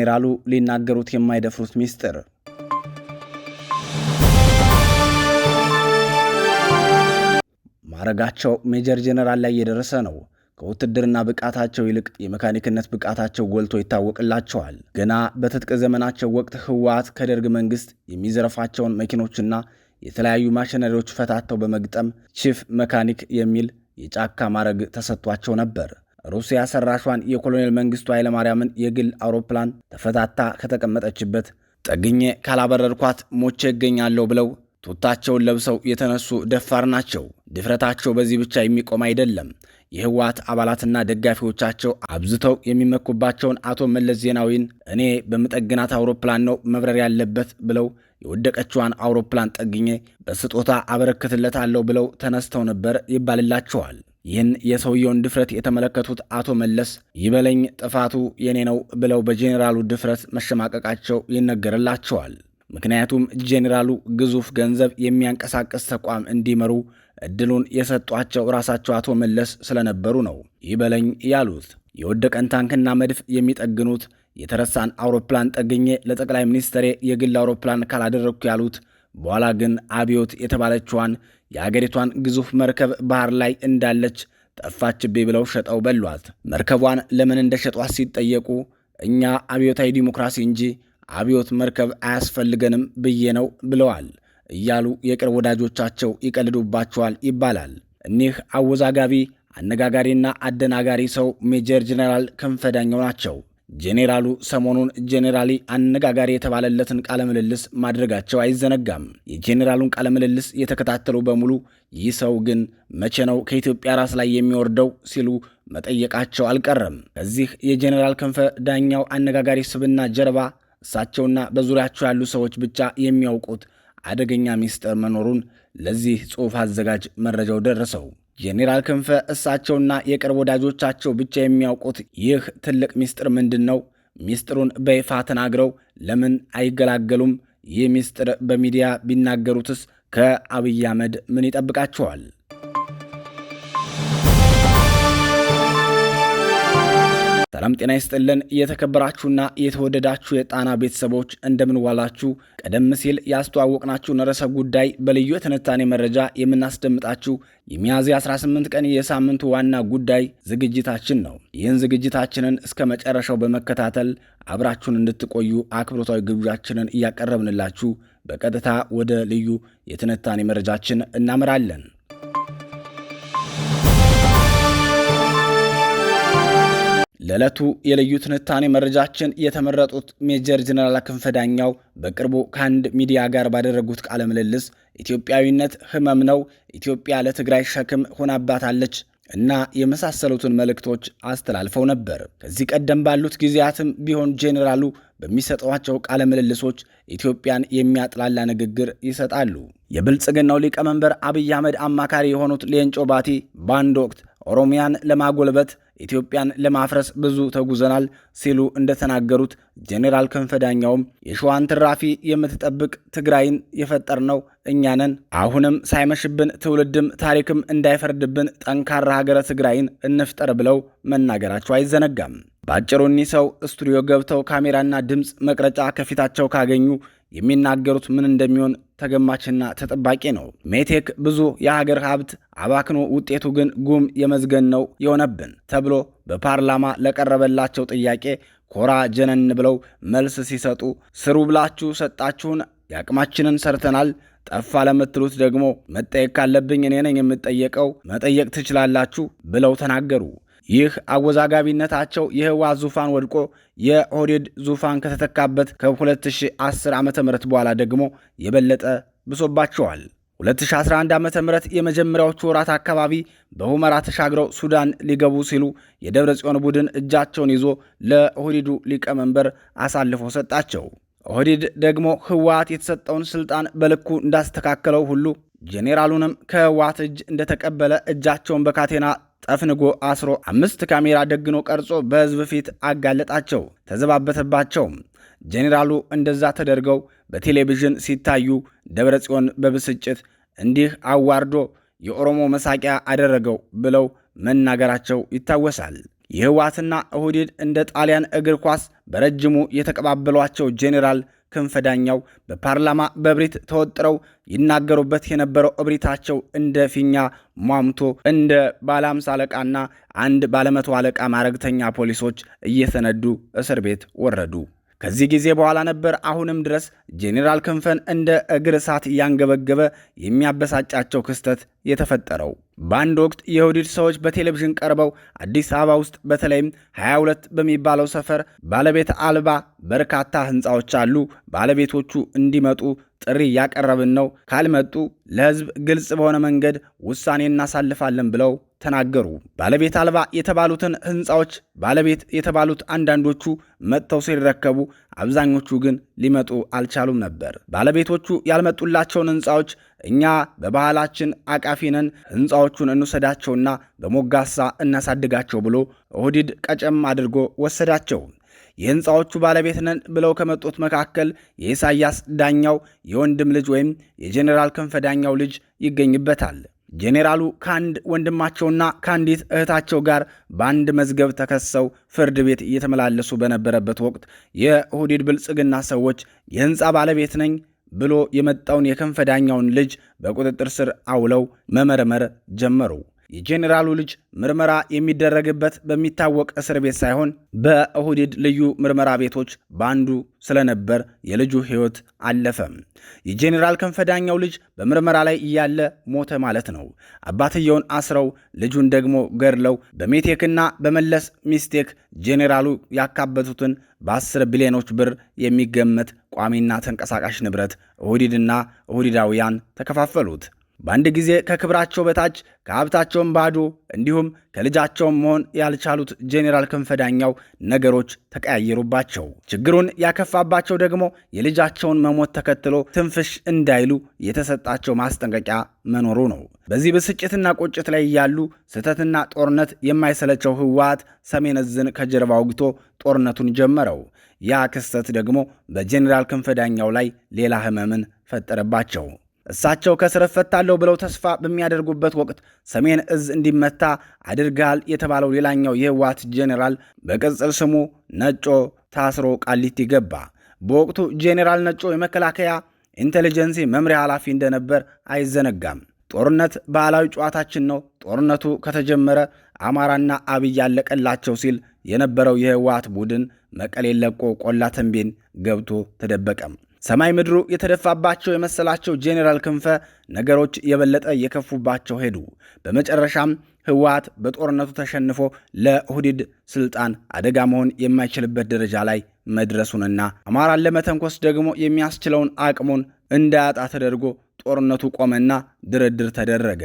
ጄኔራሉ ሊናገሩት የማይደፍሩት ሚስጥር ማዕረጋቸው ሜጀር ጄኔራል ላይ እየደረሰ ነው። ከውትድርና ብቃታቸው ይልቅ የመካኒክነት ብቃታቸው ጎልቶ ይታወቅላቸዋል። ገና በትጥቅ ዘመናቸው ወቅት ህወሓት ከደርግ መንግስት የሚዘረፋቸውን መኪኖችና የተለያዩ ማሽነሪዎች ፈታተው በመግጠም ቺፍ መካኒክ የሚል የጫካ ማዕረግ ተሰጥቷቸው ነበር። ሩሲያ ሰራሿን የኮሎኔል መንግስቱ ኃይለማርያምን የግል አውሮፕላን ተፈታታ ከተቀመጠችበት ጠግኜ ካላበረርኳት ሞቼ እገኛለሁ ብለው ቱታቸውን ለብሰው የተነሱ ደፋር ናቸው። ድፍረታቸው በዚህ ብቻ የሚቆም አይደለም። የህወሓት አባላትና ደጋፊዎቻቸው አብዝተው የሚመኩባቸውን አቶ መለስ ዜናዊን እኔ በምጠግናት አውሮፕላን ነው መብረር ያለበት ብለው የወደቀችዋን አውሮፕላን ጠግኜ በስጦታ አበረክትለታለሁ ብለው ተነስተው ነበር ይባልላቸዋል። ይህን የሰውየውን ድፍረት የተመለከቱት አቶ መለስ ይበለኝ ጥፋቱ የኔ ነው ብለው በጄኔራሉ ድፍረት መሸማቀቃቸው ይነገርላቸዋል። ምክንያቱም ጄኔራሉ ግዙፍ ገንዘብ የሚያንቀሳቅስ ተቋም እንዲመሩ እድሉን የሰጧቸው ራሳቸው አቶ መለስ ስለነበሩ ነው ይበለኝ ያሉት። የወደቀን ታንክና መድፍ የሚጠግኑት፣ የተረሳን አውሮፕላን ጠግኜ ለጠቅላይ ሚኒስትሬ የግል አውሮፕላን ካላደረግኩ ያሉት፣ በኋላ ግን አብዮት የተባለችዋን የአገሪቷን ግዙፍ መርከብ ባህር ላይ እንዳለች ጠፋችብኝ ብለው ሸጠው በሏት። መርከቧን ለምን እንደሸጧት ሲጠየቁ እኛ አብዮታዊ ዲሞክራሲ እንጂ አብዮት መርከብ አያስፈልገንም ብዬ ነው ብለዋል እያሉ የቅርብ ወዳጆቻቸው ይቀልዱባቸዋል ይባላል። እኒህ አወዛጋቢ አነጋጋሪና አደናጋሪ ሰው ሜጀር ጀነራል ክንፈ ዳኘው ናቸው። ጄኔራሉ ሰሞኑን ጄኔራሊ አነጋጋሪ የተባለለትን ቃለ ምልልስ ማድረጋቸው አይዘነጋም። የጄኔራሉን ቃለ ምልልስ የተከታተሉ በሙሉ ይህ ሰው ግን መቼ ነው ከኢትዮጵያ ራስ ላይ የሚወርደው ሲሉ መጠየቃቸው አልቀረም። ከዚህ የጄኔራል ክንፈ ዳኛው አነጋጋሪ ስብና ጀርባ እሳቸውና በዙሪያቸው ያሉ ሰዎች ብቻ የሚያውቁት አደገኛ ሚስጥር መኖሩን ለዚህ ጽሑፍ አዘጋጅ መረጃው ደረሰው። ጄኔራል ክንፈ እሳቸውና የቅርብ ወዳጆቻቸው ብቻ የሚያውቁት ይህ ትልቅ ሚስጥር ምንድን ነው? ሚስጥሩን በይፋ ተናግረው ለምን አይገላገሉም? ይህ ሚስጥር በሚዲያ ቢናገሩትስ ከአብይ አህመድ ምን ይጠብቃቸዋል? ሰላም ጤና ይስጥልን እየተከበራችሁና የተወደዳችሁ የጣና ቤተሰቦች እንደምንዋላችሁ። ቀደም ሲል ያስተዋወቅናችሁን ርዕሰ ጉዳይ በልዩ የትንታኔ መረጃ የምናስደምጣችሁ የሚያዝያ 18 ቀን የሳምንቱ ዋና ጉዳይ ዝግጅታችን ነው። ይህን ዝግጅታችንን እስከ መጨረሻው በመከታተል አብራችሁን እንድትቆዩ አክብሮታዊ ግብዣችንን እያቀረብንላችሁ በቀጥታ ወደ ልዩ የትንታኔ መረጃችን እናመራለን። ለዕለቱ የልዩ ትንታኔ መረጃችን የተመረጡት ሜጀር ጀነራል ክንፈ ዳኛው በቅርቡ ከአንድ ሚዲያ ጋር ባደረጉት ቃለ ምልልስ ኢትዮጵያዊነት ህመም ነው፣ ኢትዮጵያ ለትግራይ ሸክም ሆናባታለች እና የመሳሰሉትን መልእክቶች አስተላልፈው ነበር። ከዚህ ቀደም ባሉት ጊዜያትም ቢሆን ጄኔራሉ በሚሰጧቸው ቃለ ምልልሶች ኢትዮጵያን የሚያጥላላ ንግግር ይሰጣሉ። የብልጽግናው ሊቀመንበር አብይ አህመድ አማካሪ የሆኑት ሌንጮ ባቲ በአንድ ወቅት ኦሮሚያን ለማጎልበት ኢትዮጵያን ለማፍረስ ብዙ ተጉዘናል ሲሉ እንደተናገሩት ጄኔራል ከንፈዳኛውም የሸዋን ትራፊ የምትጠብቅ ትግራይን የፈጠርነው ነው ነን። አሁንም ሳይመሽብን ትውልድም ታሪክም እንዳይፈርድብን ጠንካራ ሀገረ ትግራይን እንፍጠር ብለው መናገራቸው አይዘነጋም። በአጭሩ እኒህ ሰው ስቱዲዮ ገብተው ካሜራና ድምፅ መቅረጫ ከፊታቸው ካገኙ የሚናገሩት ምን እንደሚሆን ተገማችና ተጠባቂ ነው። ሜቴክ ብዙ የሀገር ሀብት አባክኖ ውጤቱ ግን ጉም የመዝገን ነው የሆነብን ተብሎ በፓርላማ ለቀረበላቸው ጥያቄ ኮራ ጀነን ብለው መልስ ሲሰጡ ስሩ ብላችሁ ሰጣችሁን፣ የአቅማችንን ሰርተናል፣ ጠፋ ለምትሉት ደግሞ መጠየቅ ካለብኝ እኔ ነኝ የምጠየቀው፣ መጠየቅ ትችላላችሁ ብለው ተናገሩ። ይህ አወዛጋቢነታቸው የህወሓት ዙፋን ወድቆ የኦህዴድ ዙፋን ከተተካበት ከ2010 ዓ ም በኋላ ደግሞ የበለጠ ብሶባቸዋል። 2011 ዓ ም የመጀመሪያዎቹ ወራት አካባቢ በሁመራ ተሻግረው ሱዳን ሊገቡ ሲሉ የደብረ ጽዮን ቡድን እጃቸውን ይዞ ለኦህዴዱ ሊቀመንበር አሳልፎ ሰጣቸው። ኦህዴድ ደግሞ ህወሓት የተሰጠውን ስልጣን በልኩ እንዳስተካከለው ሁሉ ጄኔራሉንም ከህወሓት እጅ እንደተቀበለ እጃቸውን በካቴና ጠፍንጎ አስሮ አምስት ካሜራ ደግኖ ቀርጾ በህዝብ ፊት አጋለጣቸው፣ ተዘባበተባቸው። ጄኔራሉ እንደዛ ተደርገው በቴሌቪዥን ሲታዩ ደብረ ጽዮን በብስጭት እንዲህ አዋርዶ የኦሮሞ መሳቂያ አደረገው ብለው መናገራቸው ይታወሳል። የህወሓትና ኦህዴድ እንደ ጣሊያን እግር ኳስ በረጅሙ የተቀባበሏቸው ጄኔራል ክንፈዳኛው በፓርላማ በእብሪት ተወጥረው ይናገሩበት የነበረው እብሪታቸው እንደ ፊኛ ሟምቶ እንደ ባለ አለቃና አንድ ባለመቶ አለቃ ማረግተኛ ፖሊሶች እየሰነዱ እስር ቤት ወረዱ። ከዚህ ጊዜ በኋላ ነበር አሁንም ድረስ ጄኔራል ክንፈን እንደ እግር እሳት እያንገበገበ የሚያበሳጫቸው ክስተት የተፈጠረው። በአንድ ወቅት የሁዲድ ሰዎች በቴሌቪዥን ቀርበው አዲስ አበባ ውስጥ በተለይም 22 በሚባለው ሰፈር ባለቤት አልባ በርካታ ህንፃዎች አሉ፣ ባለቤቶቹ እንዲመጡ ጥሪ እያቀረብን ነው፣ ካልመጡ ለህዝብ ግልጽ በሆነ መንገድ ውሳኔ እናሳልፋለን ብለው ተናገሩ። ባለቤት አልባ የተባሉትን ህንፃዎች ባለቤት የተባሉት አንዳንዶቹ መጥተው ሲረከቡ፣ አብዛኞቹ ግን ሊመጡ አልቻሉም ነበር። ባለቤቶቹ ያልመጡላቸውን ህንፃዎች እኛ በባህላችን አቃፊነን ህንፃዎቹን እንውሰዳቸውና በሞጋሳ እናሳድጋቸው ብሎ ኦህዴድ ቀጨም አድርጎ ወሰዳቸው። የህንፃዎቹ ባለቤት ነን ብለው ከመጡት መካከል የኢሳያስ ዳኛው የወንድም ልጅ ወይም የጄኔራል ክንፈ ዳኛው ልጅ ይገኝበታል። ጄኔራሉ ከአንድ ወንድማቸውና ከአንዲት እህታቸው ጋር በአንድ መዝገብ ተከሰው ፍርድ ቤት እየተመላለሱ በነበረበት ወቅት የሁዲድ ብልጽግና ሰዎች የህንፃ ባለቤት ነኝ ብሎ የመጣውን የከንፈዳኛውን ዳኛውን ልጅ በቁጥጥር ስር አውለው መመርመር ጀመሩ። የጄኔራሉ ልጅ ምርመራ የሚደረግበት በሚታወቅ እስር ቤት ሳይሆን በኦህዴድ ልዩ ምርመራ ቤቶች በአንዱ ስለነበር የልጁ ሕይወት አለፈ። የጄኔራል ክንፈ ልጅ በምርመራ ላይ እያለ ሞተ ማለት ነው። አባትየውን አስረው ልጁን ደግሞ ገድለው በሜቴክና በመለስ ሚስቴክ ጄኔራሉ ያካበቱትን በአስር ቢሊዮኖች ብር የሚገመት ቋሚና ተንቀሳቃሽ ንብረት ኦህዴድና ኦህዴዳውያን ተከፋፈሉት። በአንድ ጊዜ ከክብራቸው በታች ከሀብታቸውም ባዶ እንዲሁም ከልጃቸውም መሆን ያልቻሉት ጄኔራል ክንፈ ነገሮች ተቀያየሩባቸው። ችግሩን ያከፋባቸው ደግሞ የልጃቸውን መሞት ተከትሎ ትንፍሽ እንዳይሉ የተሰጣቸው ማስጠንቀቂያ መኖሩ ነው። በዚህ ብስጭትና ቁጭት ላይ እያሉ ስህተትና ጦርነት የማይሰለቸው ህወሓት ሰሜን ዕዝን ከጀርባ አውግቶ ጦርነቱን ጀመረው። ያ ክስተት ደግሞ በጄኔራል ክንፈ ላይ ሌላ ህመምን ፈጠረባቸው። እሳቸው ከስር እፈታለሁ ብለው ተስፋ በሚያደርጉበት ወቅት ሰሜን እዝ እንዲመታ አድርጋል የተባለው ሌላኛው የህወሓት ጄኔራል በቅጽል ስሙ ነጮ ታስሮ ቃሊቲ ገባ። በወቅቱ ጄኔራል ነጮ የመከላከያ ኢንቴሊጀንሲ መምሪያ ኃላፊ እንደነበር አይዘነጋም። ጦርነት ባህላዊ ጨዋታችን ነው፣ ጦርነቱ ከተጀመረ አማራና አብይ ያለቀላቸው ሲል የነበረው የህወሓት ቡድን መቀሌ ለቆ ቆላ ተንቤን ገብቶ ተደበቀም። ሰማይ ምድሩ የተደፋባቸው የመሰላቸው ጄኔራል ክንፈ ነገሮች የበለጠ የከፉባቸው ሄዱ። በመጨረሻም ህወሓት በጦርነቱ ተሸንፎ ለሁዲድ ስልጣን አደጋ መሆን የማይችልበት ደረጃ ላይ መድረሱንና አማራን ለመተንኮስ ደግሞ የሚያስችለውን አቅሙን እንዳያጣ ተደርጎ ጦርነቱ ቆመና ድርድር ተደረገ።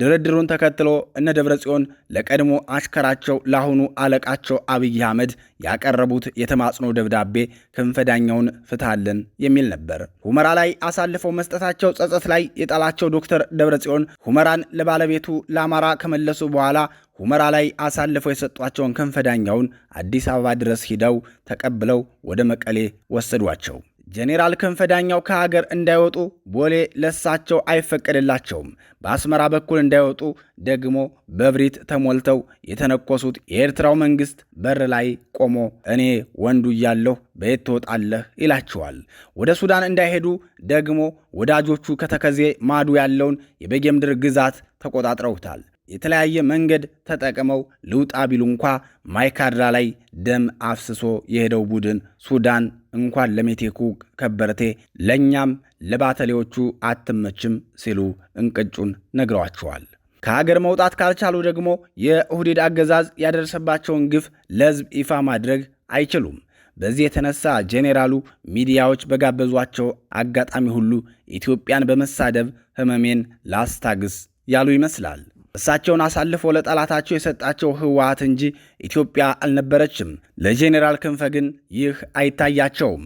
ድርድሩን ተከትሎ እነ ደብረ ጽዮን ለቀድሞ አሽከራቸው ለአሁኑ አለቃቸው አብይ አህመድ ያቀረቡት የተማጽኖ ደብዳቤ ክንፈዳኛውን ፍትሃለን የሚል ነበር። ሁመራ ላይ አሳልፈው መስጠታቸው ጸጸት ላይ የጣላቸው ዶክተር ደብረ ጽዮን ሁመራን ለባለቤቱ ለአማራ ከመለሱ በኋላ ሁመራ ላይ አሳልፈው የሰጧቸውን ክንፈዳኛውን አዲስ አበባ ድረስ ሂደው ተቀብለው ወደ መቀሌ ወሰዷቸው። ጄኔራል ክንፈ ዳኛው ከሀገር እንዳይወጡ ቦሌ ለሳቸው አይፈቀድላቸውም። በአስመራ በኩል እንዳይወጡ ደግሞ በብሪት ተሞልተው የተነኮሱት የኤርትራው መንግሥት በር ላይ ቆሞ እኔ ወንዱ እያለሁ በየት ትወጣለህ ይላቸዋል። ወደ ሱዳን እንዳይሄዱ ደግሞ ወዳጆቹ ከተከዜ ማዶ ያለውን የበጌምድር ግዛት ተቆጣጥረውታል። የተለያየ መንገድ ተጠቅመው ልውጣ ቢሉ እንኳ ማይካድራ ላይ ደም አፍስሶ የሄደው ቡድን ሱዳን እንኳን ለሜቴኩ ከበርቴ ለእኛም ለባተሌዎቹ አትመችም ሲሉ እንቅጩን ነግረዋቸዋል። ከሀገር መውጣት ካልቻሉ ደግሞ የኦህዴድ አገዛዝ ያደረሰባቸውን ግፍ ለሕዝብ ይፋ ማድረግ አይችሉም። በዚህ የተነሳ ጄኔራሉ ሚዲያዎች በጋበዟቸው አጋጣሚ ሁሉ ኢትዮጵያን በመሳደብ ህመሜን ላስታግስ ያሉ ይመስላል። እሳቸውን አሳልፎ ለጠላታቸው የሰጣቸው ህወሀት እንጂ ኢትዮጵያ አልነበረችም። ለጄኔራል ክንፈ ግን ይህ አይታያቸውም።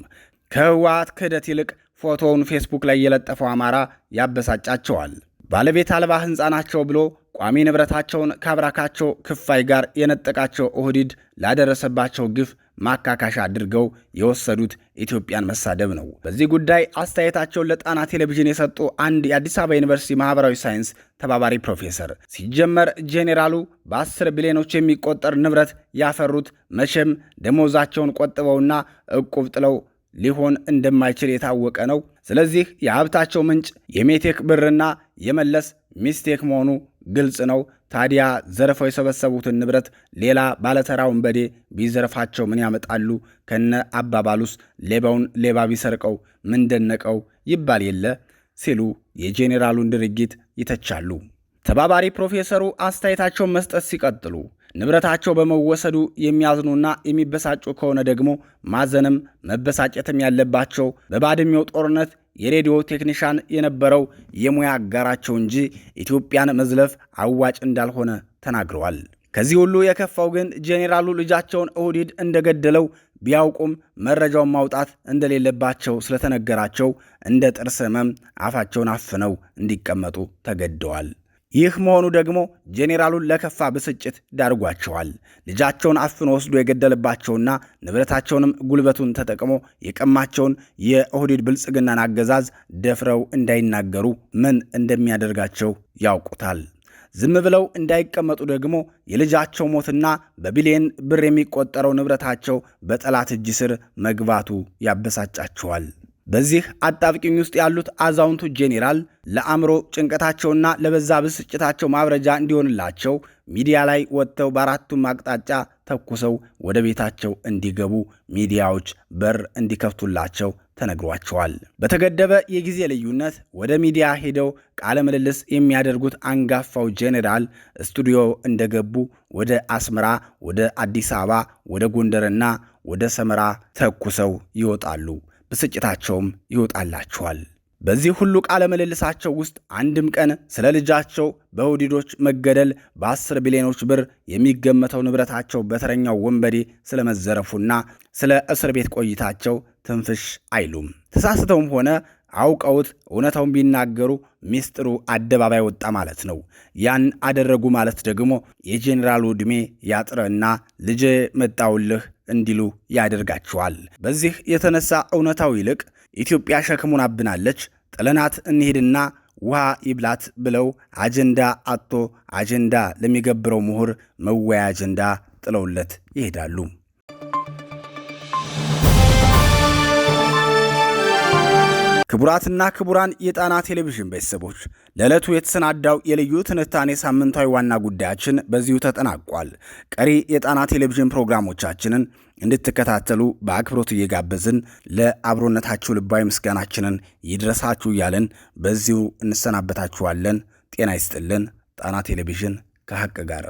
ከህወሀት ክህደት ይልቅ ፎቶውን ፌስቡክ ላይ የለጠፈው አማራ ያበሳጫቸዋል። ባለቤት አልባ ሕንፃ ናቸው ብሎ ቋሚ ንብረታቸውን ከአብራካቸው ክፋይ ጋር የነጠቃቸው ኦህዲድ ላደረሰባቸው ግፍ ማካካሻ አድርገው የወሰዱት ኢትዮጵያን መሳደብ ነው። በዚህ ጉዳይ አስተያየታቸውን ለጣና ቴሌቪዥን የሰጡ አንድ የአዲስ አበባ ዩኒቨርሲቲ ማህበራዊ ሳይንስ ተባባሪ ፕሮፌሰር ሲጀመር ጄኔራሉ በአስር ቢሊዮኖች የሚቆጠር ንብረት ያፈሩት መቼም ደሞዛቸውን ቆጥበውና እቁብ ጥለው ሊሆን እንደማይችል የታወቀ ነው። ስለዚህ የሀብታቸው ምንጭ የሜቴክ ብርና የመለስ ሚስቴክ መሆኑ ግልጽ ነው። ታዲያ ዘርፈው የሰበሰቡትን ንብረት ሌላ ባለተራ ወንበዴ ቢዘርፋቸው ምን ያመጣሉ? ከነ አባባሉስ ሌባውን ሌባ ቢሰርቀው ምን ይባል የለ ሲሉ የጄኔራሉን ድርጊት ይተቻሉ። ተባባሪ ፕሮፌሰሩ አስተያየታቸውን መስጠት ሲቀጥሉ ንብረታቸው በመወሰዱ የሚያዝኑና የሚበሳጩ ከሆነ ደግሞ ማዘንም መበሳጨትም ያለባቸው በባድሜው ጦርነት የሬዲዮ ቴክኒሻን የነበረው የሙያ አጋራቸው እንጂ ኢትዮጵያን መዝለፍ አዋጭ እንዳልሆነ ተናግረዋል። ከዚህ ሁሉ የከፋው ግን ጄኔራሉ ልጃቸውን ኦህዴድ እንደገደለው ቢያውቁም መረጃውን ማውጣት እንደሌለባቸው ስለተነገራቸው እንደ ጥርስ ህመም አፋቸውን አፍነው እንዲቀመጡ ተገደዋል። ይህ መሆኑ ደግሞ ጄኔራሉን ለከፋ ብስጭት ዳርጓቸዋል። ልጃቸውን አፍኖ ወስዶ የገደለባቸውና ንብረታቸውንም ጉልበቱን ተጠቅሞ የቀማቸውን የኦህዴድ ብልጽግናን አገዛዝ ደፍረው እንዳይናገሩ ምን እንደሚያደርጋቸው ያውቁታል። ዝም ብለው እንዳይቀመጡ ደግሞ የልጃቸው ሞትና በቢሊየን ብር የሚቆጠረው ንብረታቸው በጠላት እጅ ስር መግባቱ ያበሳጫቸዋል። በዚህ አጣብቂኝ ውስጥ ያሉት አዛውንቱ ጄኔራል ለአእምሮ ጭንቀታቸውና ለበዛ ብስጭታቸው ማብረጃ እንዲሆንላቸው ሚዲያ ላይ ወጥተው በአራቱም አቅጣጫ ተኩሰው ወደ ቤታቸው እንዲገቡ ሚዲያዎች በር እንዲከፍቱላቸው ተነግሯቸዋል። በተገደበ የጊዜ ልዩነት ወደ ሚዲያ ሄደው ቃለ ምልልስ የሚያደርጉት አንጋፋው ጄኔራል ስቱዲዮ እንደገቡ ወደ አስመራ፣ ወደ አዲስ አበባ፣ ወደ ጎንደርና ወደ ሰመራ ተኩሰው ይወጣሉ። ብስጭታቸውም ይወጣላቸዋል። በዚህ ሁሉ ቃለ ምልልሳቸው ውስጥ አንድም ቀን ስለ ልጃቸው በውዲዶች መገደል በአስር ቢሊዮኖች ብር የሚገመተው ንብረታቸው በተረኛው ወንበዴ ስለመዘረፉና ስለ እስር ቤት ቆይታቸው ትንፍሽ አይሉም። ተሳስተውም ሆነ አውቀውት እውነታውን ቢናገሩ ሚስጥሩ አደባባይ ወጣ ማለት ነው። ያን አደረጉ ማለት ደግሞ የጄኔራሉ ዕድሜ ያጥረና ልጅ መጣውልህ እንዲሉ ያደርጋቸዋል። በዚህ የተነሳ እውነታው ይልቅ ኢትዮጵያ ሸክሙን አብናለች፣ ጥለናት እንሄድና ውሃ ይብላት ብለው አጀንዳ አጥቶ አጀንዳ ለሚገብረው ምሁር መወያ አጀንዳ ጥለውለት ይሄዳሉ። ክቡራትና ክቡራን የጣና ቴሌቪዥን ቤተሰቦች ለዕለቱ የተሰናዳው የልዩ ትንታኔ ሳምንታዊ ዋና ጉዳያችን በዚሁ ተጠናቋል። ቀሪ የጣና ቴሌቪዥን ፕሮግራሞቻችንን እንድትከታተሉ በአክብሮት እየጋበዝን ለአብሮነታችሁ ልባዊ ምስጋናችንን ይድረሳችሁ እያልን በዚሁ እንሰናበታችኋለን። ጤና ይስጥልን። ጣና ቴሌቪዥን ከሀቅ ጋር